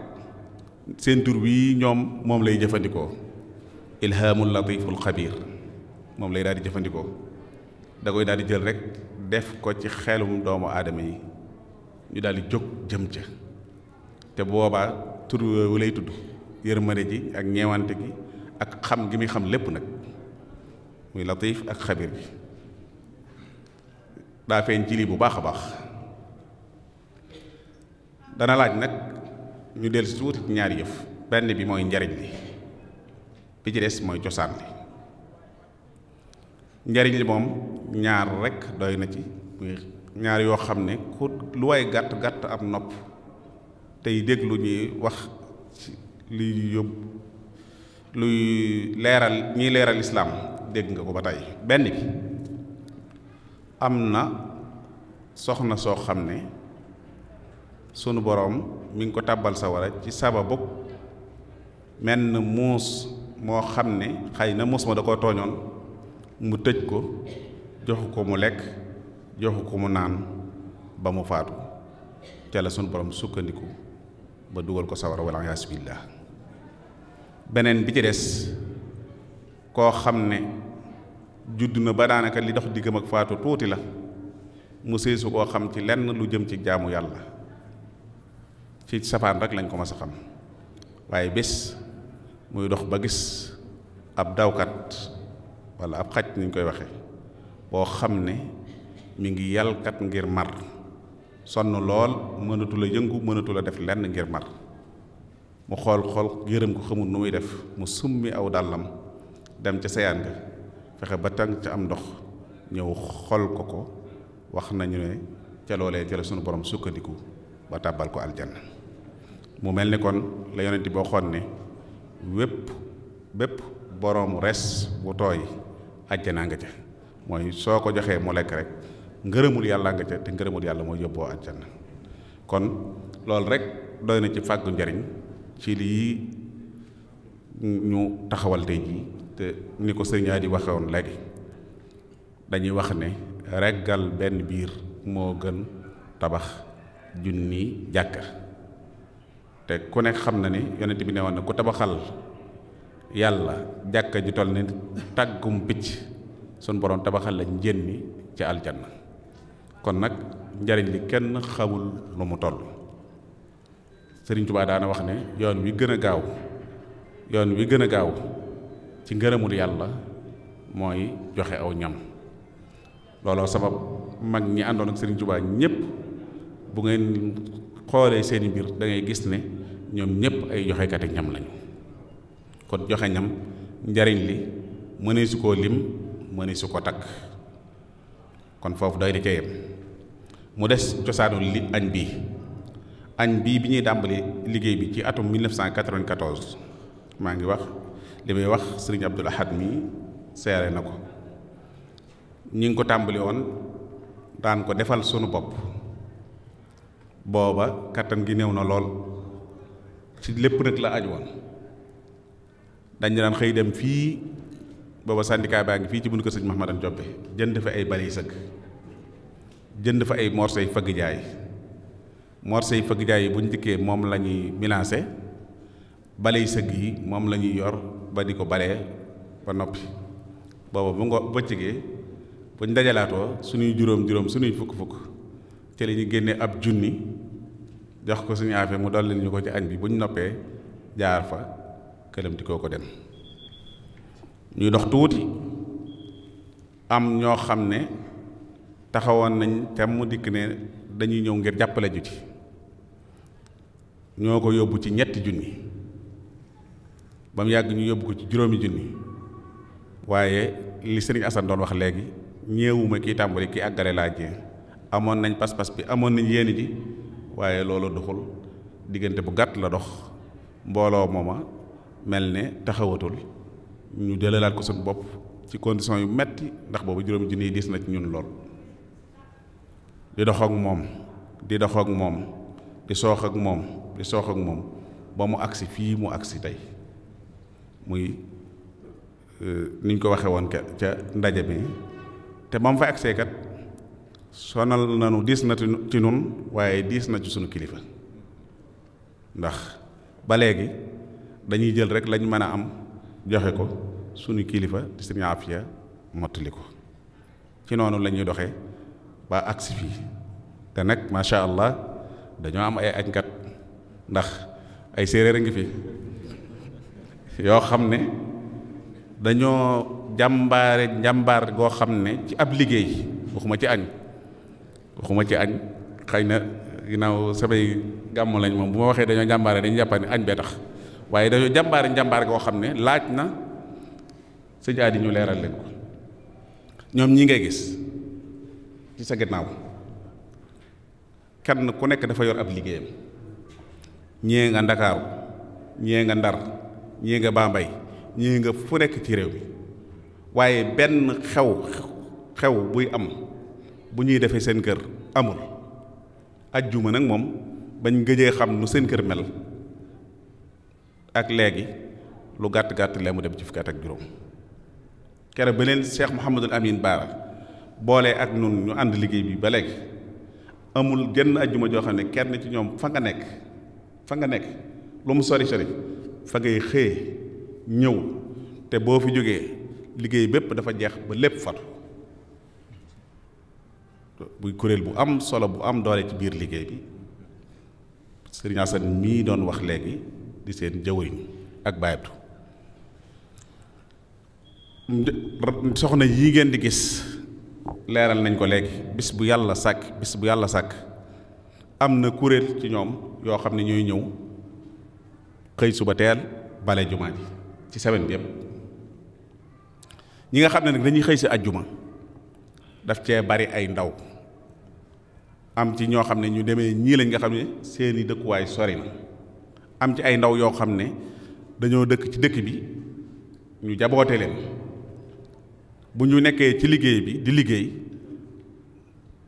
seen tur bii ñoom moom lay jëfandikoo ilhaamul latiful xabiir moom lay daal di jëfandikoo da koy daal di jël rek def ko ci xelum doomu aadama yi ñu daal di jóg jëm ca te boobaa tur wu lay tudd yërmande ji ak ñeewante gi ak xam gi muy xam lépp nag muy latif ak xabir bi daa feeñ ci lii bu baax a baax dana laaj nag ñu dellu si tuuti ñaar yëf benn bi mooy njariñ li bi ci des mooy cosaan li njariñ li moom ñaar rekk doy na ci ñaar yoo xam ne ku lu way gàtt gàtt am nopp tey déglu ñuy wax ci liy yóbbu luy leeral ñiy leeral islaam dégg nga ko ba tey benn bi am na soxna soo xam ne sunu boroom mu ngi ko tàbbal sa wara ci sababu menn muus moo xam ne xëy na muus ma da koo tooñoon mu tëj ko joxu ko mu lekk joxu ko mu naan ba mu faatu ca la sunu boroom sukkandiku ba dugal ko sawara wala yaasu billah beneen bi ci des koo xam ne judd na ba daanaka li dox diggam ak faatu tuuti la mu séesu koo xam ci lenn lu jëm ci jaamu yàlla ci safaan rek lañ ko mas a xam waaye bés muy dox ba gis ab dawkat walla ab xaj niñ koy waxe boo xam ne mu ngi yalkat ngir mar sonn lool mënatu la yëngu mënatu la def lenn ngir mar mu xool xool yërëm ko xamul nu muy def mu summi aw dàllam dem ca seyaan ga fexe ba tànk ca am ndox ñëw xool ko ko wax nañu ne ca loolee ca la sunu borom sukkandiku ba tàbbal ko aljanna mu mel ni kon la yonent boo xoon ne wépp bépp boroomu res bu tooy àjjanaa nga ca mooy soo ko joxee mu lekk rek ngërëmul yàlla nga ca te ngërëmul yàlla mooy yóbboo àjjana kon loolu rek doy na ci fàggu njariñ ci yi ñu taxawalte tey te ni ko sëriñ Adi waxe woon léegi dañuy wax ne reggal benn biir moo gën tabax junni jàkka te ku nekk xam na ni yonent bi ne woon ne ku tabaxal yàlla jàkka ji toll ni tàggum picc sun borom tabaxal la njën mi ci aljanna kon nag njariñ li kenn xamul lu mu toll sëriñ Tuubaa daana wax ne yoon wi gën a gaaw yoon wi gën a gaaw ci ngërëmul yàlla mooy joxe aw ñam looloo sabab mag ñi àndoon ak sëriñ Tuubaa ñëpp bu ngeen xoolee seeni mbir dangay gis ne ñoom ñëpp ay joxekati ñam lañu kon joxe ñam njariñ li mënee su koo lim mënee su ko takk kon foofu doy di ca mu des cosaanul li añ bii añ bii bi ñuy dàmbali liggéey bi ci atum 1994 maa ngi wax li may wax sëriñ Abdul Ahad mi seere na ko ñi ngi ko tàmbali woon daan ko defal sunu bopp booba kattan gi néew na lool ci lépp nag la aj woon dañ daan xëy dem fii booba syndicat baa ngi fii ci bunt ko sëñ Mahmadan Jobe jën fa ay bale sëkk jënd fa ay morsey fëgg jaay morse yi fëgg jaay yi bu ñu dikkee moom la ñuy milancé bale yi sëgg yi moom lañuy yor ba di ko balee ba noppi booba bu nga bëccëgee bu ñu dajalaatoo suñuy juróom-juróom suñuy fukk-fukk te li génne ab junni jox ko suñu affaire mu dolli ñu ko ci añ bi bu noppee jaar fa këlamti koo ko dem ñuy dox tuuti am ñoo xam ne taxawoon nañ te mu dikk ne dañuy ñëw ngir jàppale ju ci ñoo ko yóbbu ci ñetti junni ba mu yàgg ñu yóbbu ko ci juróomi junni waaye li sëriñ Assane doon wax léegi ñeewuma kii tàmbali ki àggale laa jee amoon nañ pas-pas bi amoon nañ yéene ji waaye loolu doxul diggante bu gàtt la dox mbooloo mooma mel ne taxawatul ñu laat ko suñu bopp ci condition yu metti ndax boobu juróomi junni yi diis na ci ñun lool di doxak moom di dox moom di soox ak moom di soox moom ba mu agsi fii mu agsi tey muy euh, ni ñu ko waxee woon ca ca ndaje mi te ba mu fa agsee kat sonal nanu diis na ci nun waaye diis na ci sunu kilifa ndax ba léegi dañuy jël rek lañ mën a am joxe ko sunu kilifa di sëriñ Afiya mottali ko ci noonu la ñuy doxee ba agsi fii te nag macha allah dañoo am ay añkat ndax ay séeréer a ngi fi yoo xam ne dañoo jàmbaare jàmbaar goo xam ne ci ab liggéey waxuma ci añ waxuma ci añ xëy na ginnaaw samay gàmmu lañ moom bu ma waxee dañoo jàmbaare dañu jàppane añ bee tax waaye dañoo jàmbaare jàmbaar goo xam ne laaj na sëñ aadi ñu leeral leen ko ñoom ñi ngay gis ci sa ginnaaw kenn ku nekk dafa yor ab liggéeyam ñee nga ndakaaru ñee nga ndar ñee nga bambay ñee nga fu nekk ci réew mi waaye benn xew xew buy am bu ñuy defee seen kër amul ajjuma nag moom bañ gëjee xam nu seen kër mel ak léegi lu gàtt gàtt lee mu dem ci fukki at ak juróom kere ba leen Cheikh Mouhamadul Amine Baara boole ak nun ñu ànd liggéey bi ba léegi amul genn ajjuma joo xam ne kenn ci ñoom fa nga nekk fa nga nekk lu mu sori sori fa ngay xëye ñëw te boo fi jógee liggéey bépp dafa jeex ba lépp fatu buy kuréel bu am solo bu am doole ci biir liggéey bi Sëriñ mii doon wax léegi di seen jëwriñ ak bàyyatu soxna yii ngeen di gis leeral nañ ko léegi bis bu yàlla sàkk bis bu yàlla sàkk am na kuréel ci ñoom yoo xam ne ñooy ñëw xëy suba teel bale jumaa ji ci semaine bi yëpp ñi nga xam ne nag dañuy xëy si ajjuma daf cee bari ay ndaw am ci ñoo xam ne ñu demee ñii lañ nga xam ne seeni dëkkuwaay sori na am ci ay ndaw yoo xam ne dañoo dëkk ci dëkk bi ñu jaboote leen bu ñu nekkee ci liggéey bi di liggéey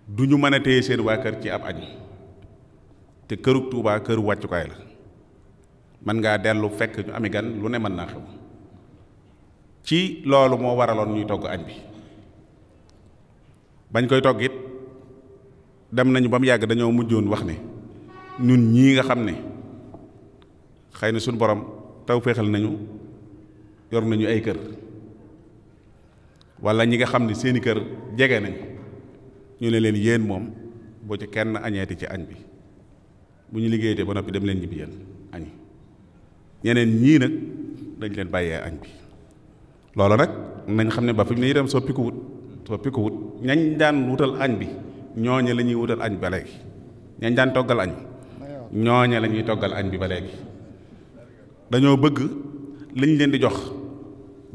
du ñu mën a téye seen waa kër ci ab añ te këru Tuubaa këru wàccukaay la mën ngaa dellu fekk ñu ami gan lu ne mën naa xew ci loolu moo waraloon ñuy togg añ bi bañ koy togg it dem nañu ba mu yàgg dañoo mujjoon wax ne ñun ñii nga xam ne xëy na suñu borom taw féexal nañu yor nañu ay kër wala ñi nga xam ne seeni kër jege nañ ñu ne leen yéen moom boo ci kenn añeeti ci añ bi bu ñu liggéeyatee ba noppi dem leen ñibbi yéen añi ñeneen ñii nag dañ leen bàyyee añ bi loolu nag nañ xam ne ba fi ñu ne itam soppi ko wut soppi ko wut ñañ daan wutal añ bi ñooñe lañuy wutal añ ba léegi ñañ daan toggal añ ñooñe lañuy toggal añ bi ba léegi dañoo bëgg liñ leen di jox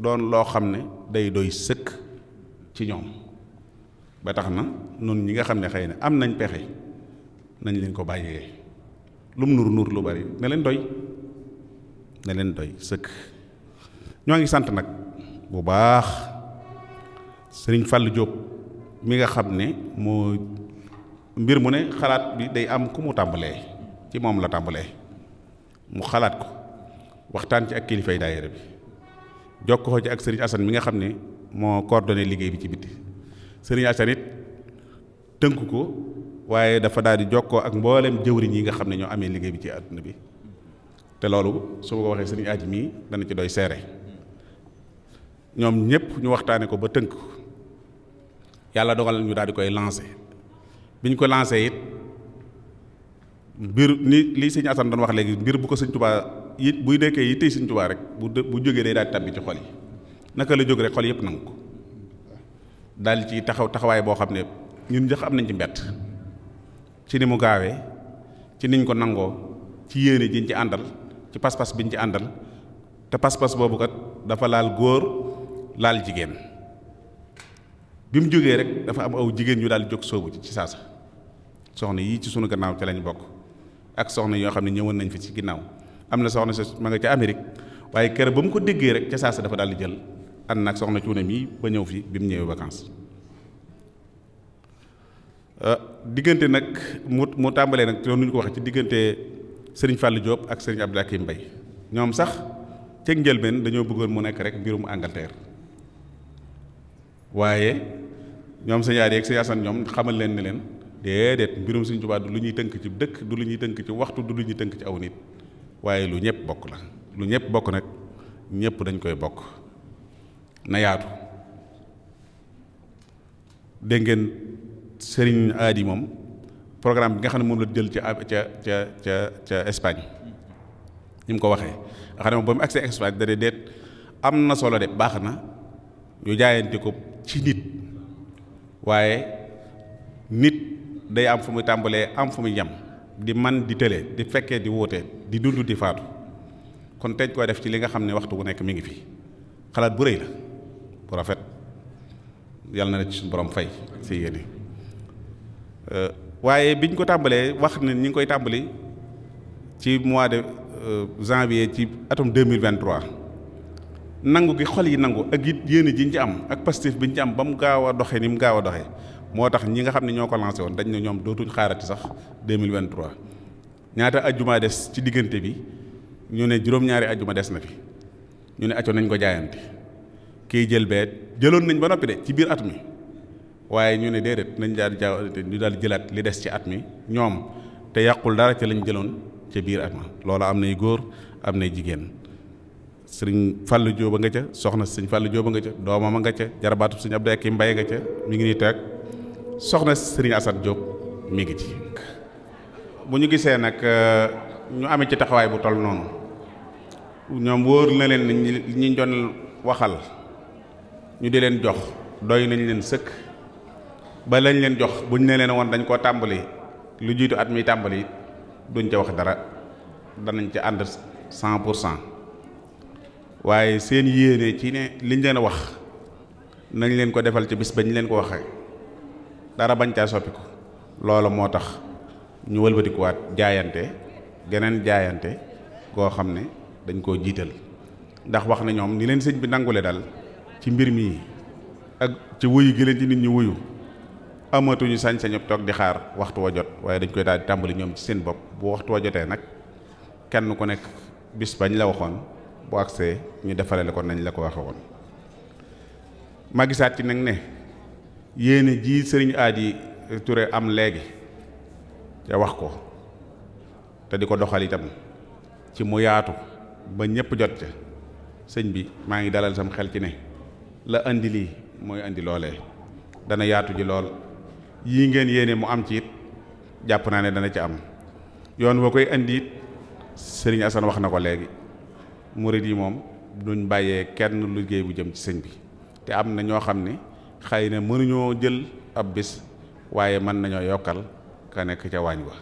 doon loo xam ne day doy sëkk ci ñoom ba tax na noonu ñi nga xam ne xëy na am nañ pexe nañ leen ko bàyyee lu mu nuur nuur lu bari ne leen doy ne leen doy sëkk ñoo ngi sant nag bu baax sëriñ Fallou Diop mi nga xam ni moo mbir mu ne xalaat bi day am ku mu tàmbalee ci moom la tàmbalee mu xalaat ko waxtaan ci ak kilifay daayira bi jokkoo ci ak sëriñ Assane mi nga xam ni moo coordonné liggéey bi ci biti sëriñ Assane it tënk ko waaye dafa daal di jokkoo ak mbooleem jëwriñ yi nga xam ne ñoo amee liggéey bi ci àdduna bi te loolu su ma ko waxee sëriñ aaj mii dana ci doy seere ñoom ñëpp ñu waxtaane ko ba tënk yàlla dogal ñu daal di koy lancé bi ñu ko lancé it mbir ni lii sëñ Assane doon wax léegi mbir bu ko sëñ Touba yi buy dekkee yi tey sëñ Touba rek bu bu jógee day daal di tàbbi ci xol yi naka la jóg rek xol yëpp nangu ko daal ci taxaw taxawaay boo xam ne ñun njëx am nañ ci mbett ci ni mu gaawee ci niñ ko nangoo ci yéene jiñ ci àndal ci pas-pas biñ ci àndal te pas-pas boobu kat dafa laal góor laal jigéen bi mu jógee rek dafa am aw jigéen ñu daal jóg soobu ci ci saasa soxna yii ci sunu gannaaw ci lañ bokk ak soxna yoo xam ne ñëwoon nañ fi ci ginnaaw am na soxna si ma nga ca Amérique waaye kër ba mu ko déggee rek ca saasa dafa daal di jël ànd nag soxna cuune mii ba ñëw fi bi mu ñëwee vacances Euh, diggante nag mu mu tàmbalee nag loolu nu ñu ko waxee ci diggante sëriñ Fallou Diop ak sëriñ Abdou Hakim Mbaye ñoom sax cëg njëlbeen dañoo bëggoon mu nekk rek mbirum Angleterre waaye ñoom sa yaar yeeg sa yaasan ñoom xamal leen ne leen déedéet mbirum Sëriñ Tuubaa du lu ñuy tënk ci dëkk du lu ñuy tënk ci waxtu du lu ñuy tënk ci aw nit waaye lu ñëpp bokk la lu ñëpp bokk nag ñépp dañ koy bokk na yaatu sëriñ aadi moom programme bi nga xam ne moom la jël ca ca ca ca ca Espagne ni mu ko waxee nga xam ne moom ba mu accès Espagne da dee deet am na solo de baax na ñu jaayante ko ci nit waaye nit day am fu muy tàmbalee am fu muy yem di man di tële di fekkee di wóote di dund di faatu kon teñ koy def ci li nga xam ne waxtu bu nekk mu ngi fii xalaat bu rëy la bu rafet yàlla na la ci suñu borom fay si yéene Euh, waaye biñ ko tàmbalee wax na ñu ngi koy tàmbali ci mois de euh, janvier ci atum deux mille vingt nangu gi xol yi nangu ak it yéene ji ñu ci am ak pastif bi ñu ci am ba mu gaaw a doxee ni mu gaaw a doxee moo tax ñi nga xam ne ñoo ko lancé woon dañ ne ñoom dootuñ xaarati sax deux mille vingt ñaata ajjuma des ci diggante bi ñu ne juróom-ñaari ajjuma des na fi ñu ne acco nañ ko jaayante kii jël bee jëloon nañ ba noppi de ci biir at mi. waaye ñu ne déedéet nañ daal jaaw ñu daal jëlaat li des ci at mi ñoom te yàqul dara ca lañ jëloon ca biir at ma loola am nay góor am nay jigéen sëriñ Fallou Diop a nga ca soxna sëriñ Fallou Diop a nga ca doomam a nga ca jarabaatu sëriñ Abdou mbay Mbaye nga ca mu ngi nii toog soxna sëriñ Assane Diop mi ngi ci. bu ñu gisee nag euh, ñu amee ci taxawaay bu toll noonu ñoom wóor na leen ñi ñu doon waxal ñu di leen jox doy nañu leen sëkk. ba lañ leen jox buñ ne leen woon dañ koo tàmbali lu jiitu at mi tàmbali duñ ca wax dara danañ ca ànd cent pour cent waaye seen yéene ci ne liñ leen wax nañ leen ko defal ca bis bañ leen ko waxee dara bañ caa soppi ko loola moo tax ñu wëlbatikuwaat jaayante geneen jaayante goo xam ne dañ koo jiital ndax wax na ñoom ni leen sëñ bi nangule dal ci mbir mi ak ci wuyu gi leen ci nit ñi wuyu amatuñu sañ-sañu toog di xaar waxtu wa jot waaye dañ koy daal di tàmbali ñoom ci seen bopp bu waxtu wa jotee nag kenn ku nekk bis bañ la waxoon bu agsee ñu defarale ko nañu la ko waxe woon ma gisaat ci nag ne yéene ji sëriñ Aadi Ture am léegi te wax ko te di ko doxal tam ci mu yaatu ba ñëpp jot ca sëñ bi maa ngi dalal sam xel ci ne la indi lii mooy indi loolee dana yaatu ji lool yii ngeen yéene mu am ci it jàpp naa ne dana ci am yoon woo koy indi it sëriñ Asan wax na ko léegi murit yi moom duñ bàyyee kenn liggéey bu jëm ci sëñ bi te am na ñoo xam ni xëy na mënuñoo jël ab bis waaye mën nañoo yokkal ka nekk ca waañ wa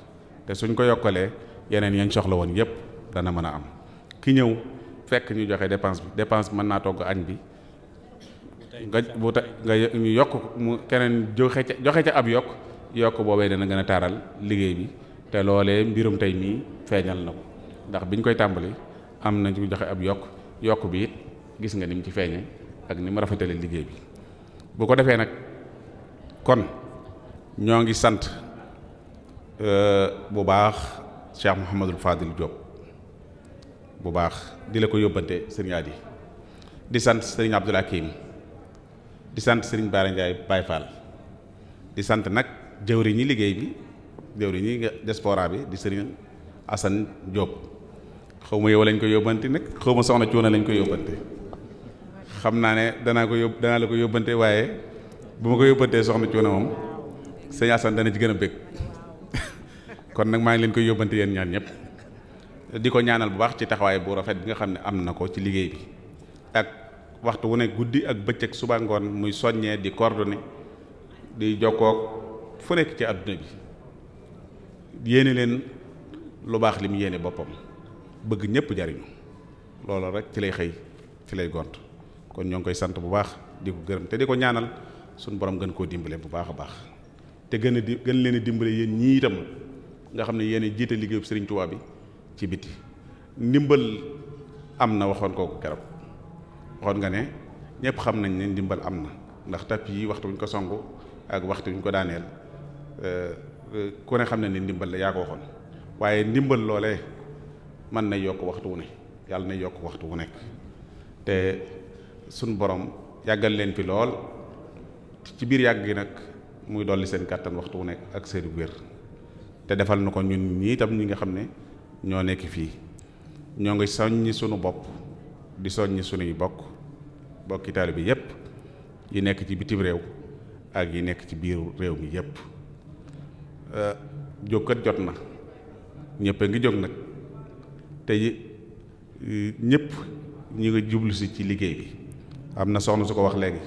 te suñ ko yokkalee yeneen yañ soxla woon yépp dana mën a am ki ñëw fekk ñu joxe dépense bi dépense mën naa togg añ bi nga bu ta nga yokk mu keneen joxe ca joxe ca ab yokk yokk boobee dana gën a taaral liggéey bi te loolee mbirum tey mii feeñal na ko ndax biñ koy tàmbali am na ñu joxe ab yokk yokk bi it gis nga ni mu ci feeñe ak ni mu rafetalee liggéey bi bu ko defee nag kon ñoo ngi sant euh, bu baax Cheikh Mouhamadul Fadil Diop bu baax di la ko yóbbante sëriñ Adi di sant sëriñ Abdul Hakim di sant sëriñ Bara Ndiaye Baye Fall di sant nag jëwriñi liggéey bi yi diaspora bi di sëriñ Assane Diop xaw ma yow lañ ko yóbbante nag xaw ma soxna Cuuna lañ ko yóbbante xam naa ne danaa ko yób danaa la ko yóbbante waaye bu ma ko yóbbantee soxna Cuuna moom sëñ dana ci gën a bëgg kon nag maa ngi leen koy yóbbante yéen ñaan ñëpp di ko ñaanal bu baax ci taxawaay bu rafet bi nga xam ne am na ko ci liggéey bi waxtu wu ne guddi ak bëccëg suba ngoon muy soññee di kordone di jokkoog fu nekk ci àdduna bi yéene leen lu baax li mu yéene boppam bëgg ñëpp jariñu loola rek ci lay xëy ci lay gont kon ñoo ngi koy sant bu baax di ko gërëm te di ko ñaanal suñu borom gën koo dimbale bu baax a baax te gën a di gën leen a dimbale yéen ñii itam nga xam ne yéen jiite liggéeyub Serigne Touba bi ci biti ndimbal am na waxoon kooku keroog. waxoon nga ne ñëpp xam nañ ne ndimbal am na ndax tapis yi waxtu wuñ ko song ak waxtu wuñ ko daaneel euh, euh, ku ne xam ne ne ndimbal la yaa ko waxoon waaye ndimbal loole mën na yokk waxtu wu ne yàlla na yokk waxtu wu nekk te suñ borom yàggal leen fi lool ci biir yàgg yi nag muy dolli seen kàttan waxtu wu nekk ak seen wér te defal na ko ñun ñii tam ñi nga xam ne ñoo nekk fii ñoo ngi soññi sunu bopp di soññi sunuy bokk bokki taalibe bi yëpp yi nekk ci bitim réew ak yi nekk ci biir réew mi yëpp euh, jóg kat jot na ñëpp a ngi jóg nag te ñëpp ñi nga jublu si ci liggéey bi am na soxna su ko wax léegi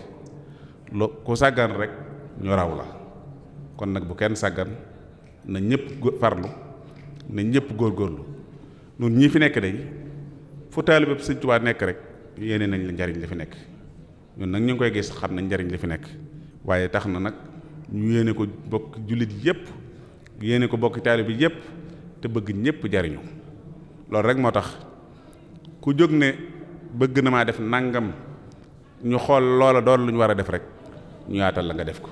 lo ku sàggan rek ñu raw la kon nag bu kenn sàggan na ñëpp farlu na ñëpp góorlu nu ñii fi nekk day fu taalibe Sëñ waa nekk rek yéene nañ la njariñ la fi nekk ñun nag ñu ngi koy gis xam nañ njariñ li fi nekk waaye tax na nag ñu yéene ko bokk jullit yépp yéene ko bokk taalibe bi yépp te bëgg ñépp jariñoo loolu rek moo tax ku jóg ne bëgg na maa def nangam ñu xool loola doon lu ñu war a def rek ñu yaatal la nga def ko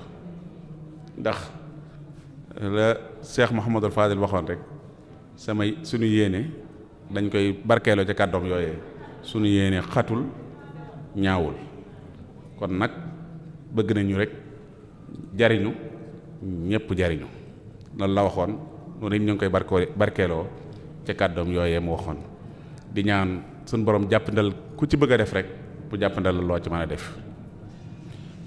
ndax la Cheikh Mouhamadul Fadil waxoon rek samay suñu yéene dañ koy barkeeloo ca kàddoom yooyee sunu yéene xatul ñaawul kon nag bëgg nañu rek jariñu ñëpp jariñu loolu la waxoon noonu ñu ngi koy barko barkeeloo ca kàddoom yooyee mu waxoon di ñaan suñu borom jàppandal ku ci bëgg a def rek bu jàppandal loo ci mën a def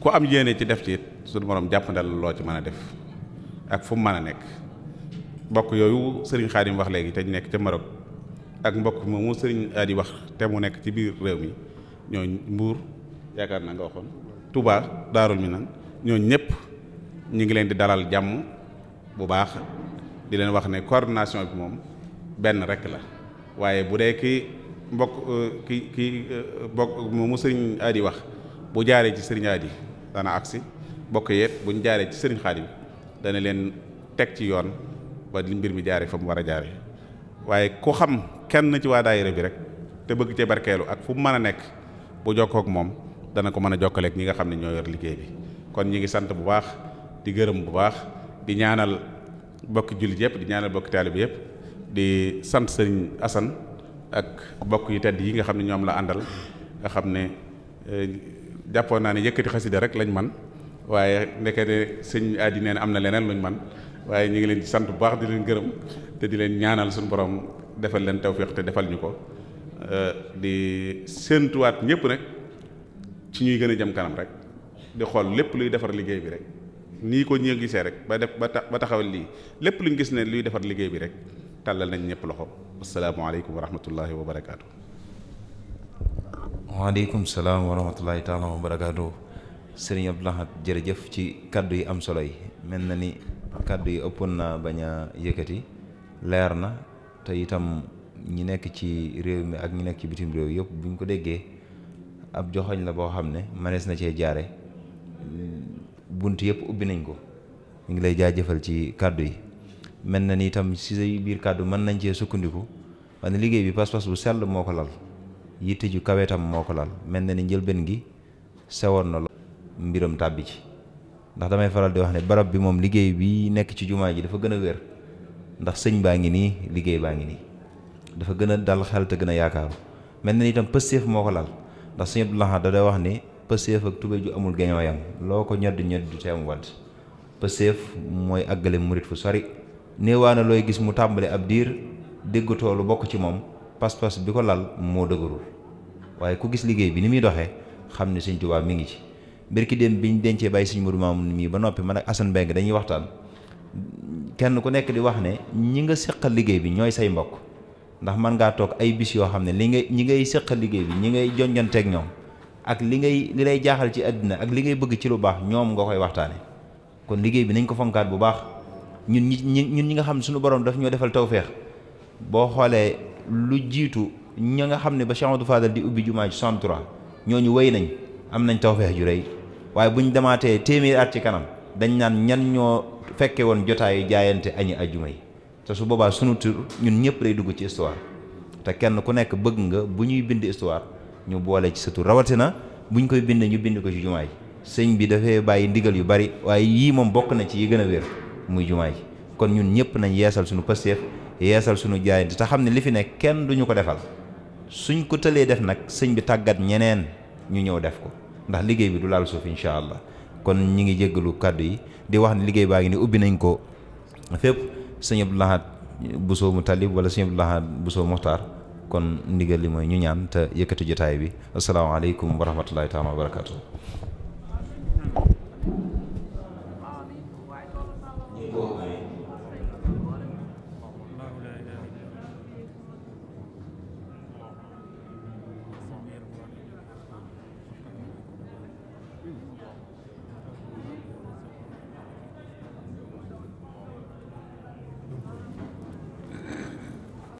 ku am yéene ci def ci it borom jàppandal loo ci mën a def ak fu mu mën a nekk mbokk yooyu sëriñ Xaadim wax léegi te ñu nekk ca Maroc ak mbokk moomu sëriñ Aadi wax te mu nekk ci biir réew mi ñoo mbuur yaakaar naa nga waxoon Touba Daarul Minan ñooñu ñëpp ñu ngi leen di dalal jàmm bu baax di leen wax ne coordination bi moom benn rek la waaye bu dee ki mbokk euh, ki ki mbokk euh, mu sëriñ aadi wax bu jaaree ci sëriñ aadi dana agsi bokk yépp buñ jaaree ci sëriñ Xaadim dana leen teg ci yoon ba li mbir mi jaare fa mu war a jaare waaye ku xam kenn ci waa daayira bi rek te bëgg cee barkeelu ak fu mu mën a nekk bu jokkoo ak moom dana ko mën a jokkaleek ñi nga xam ne ñoo yor liggéey bi kon ñi ngi sant bu baax di gërëm bu baax di ñaanal bokki jullit yëpp di ñaanal bokki taalib yëpp di sant sëriñ Assane ak bokk yu tedd yi nga xam ne ñoom la àndal nga xam ne eh, jàppoon naa ne yëkkati xasida rek lañ man waaye ndeke sëñ aadi nee na am na leneen luñ man waaye ñu ngi leen di sant bu baax di leen gërëm te di leen ñaanal suñu borom defal leen tawféex te defal ñu ko eh, di séentuwaat ñëpp nag ci ñuy gën a jëm kanam rek di xool lépp luy defar liggéey bi rek nii ko ñu gisee rek ba def ba taxawal lii lépp luñ gis ne luy defar liggéey bi rek tàllal nañ ñëpp loxo asalaamaaleykum wa rahmatullahi wa barakaatu. waaleykum salaam wa rahmatullahi taala wa barakaatu sëriñ jërëjëf ci kàddu yi am solo yi mel na ni kàddu yi ëppoon naa bañ a yëkkati leer na te itam ñi nekk ci réew mi ak ñi nekk ci bitim réew yëpp buñ ko déggee. ab joxoñ la boo xam ne manees na cee jaare bunt yëpp ubbi nañ ko ñu ngi lay jaajëfal ci kàddu yi mel na ni itam si sey biir kàddu mën nañ cee sukkandiku ne liggéey bi pas-pas bu sell moo ko lal yitte ju kawe moo ko lal mel na ni njëlbeen gi sewoon na mbiram tàbbi ci ndax damay faral di wax ne barab bi moom liggéey bi nekk ci jumaa ji dafa gën a wér ndax sëñ baa ngi nii liggéey baa ngi nii dafa gën a dal xel te gën a yaakaaru mel na ni itam pësteef moo ko lal ndax sëñ Abdou Lahad da day wax ni pëseef ak tubéy ju amul gañoo yam loo ko ñedd ñedd te am wadd pëseef mooy àggale murit fu sori néewaana looy gis mu tàmbale ab diir dégg toolu bokk ci moom pas-pas bi ko lal moo dëgërul waaye ku gis liggéey bi ni muy doxee xam ne sëñ Tuubaa mi ngi ci mbirki bi ñu dencee bàyyi sëñ Modu Maamun mii ba noppi mën ak Assane Mbengue dañuy waxtaan kenn ku nekk di wax ne ñi nga seqal liggéey bi ñooy say mbokk ndax mën ngaa toog ay bis yoo xam ne li nga ñi ngay sëq liggéey bi ñi ngay jonjonteeg ñoom ak li ngay li lay jaaxal ci àddina ak li ngay bëgg ci lu baax ñoom nga koy waxtaane kon liggéey bi nañ ko fonkaat bu baax ñun ñi ñun ñi nga xam ne suñu borom daf ñoo defal tawféex boo xoolee lu jiitu ña nga xam ne ba Cheikh Amadou Fadal di ubbi jumaa ji 63 ñooñu wéy nañ am nañ tawféex ju rey waaye buñ demaatee téeméeri at ci kanam dañ naan ñan ñoo fekke woon jotaayu jaayante añi ajjuma yi te su boobaa sunu tur ñun ñëpp lay dugg ci histoire te kenn ku nekk bëgg nga bu ñuy bind histoire ñu boole ci sa tur rawatina bu ñu koy bind ñu bind ko ci jumaa yi sëñ bi dafay bàyyi ndigal yu bari waaye yii moom bokk na ci yi gën a wér muy jumaa yi kon ñun ñëpp nañ yeesal suñu pasteef yeesal suñu jaayante te xam ne li fi nekk kenn duñu ko defal suñ ko tëlee def nag sëñ bi tàggat ñeneen ñu ñëw def ko ndax liggéey bi du laal suuf incha allah kon ñu ngi jéggalu kàddu yi di wax liggéey baa ni ubbi nañ ko sëñ Abdou Lahad Bousso mu talib wala sëñ Abdou Lahad Bousso Mokhtar kon ndigal li mooy ñu ñaan te yëkkati jotaay bi asalaamaaleykum wa rahmatullahi taala wa barakaatu.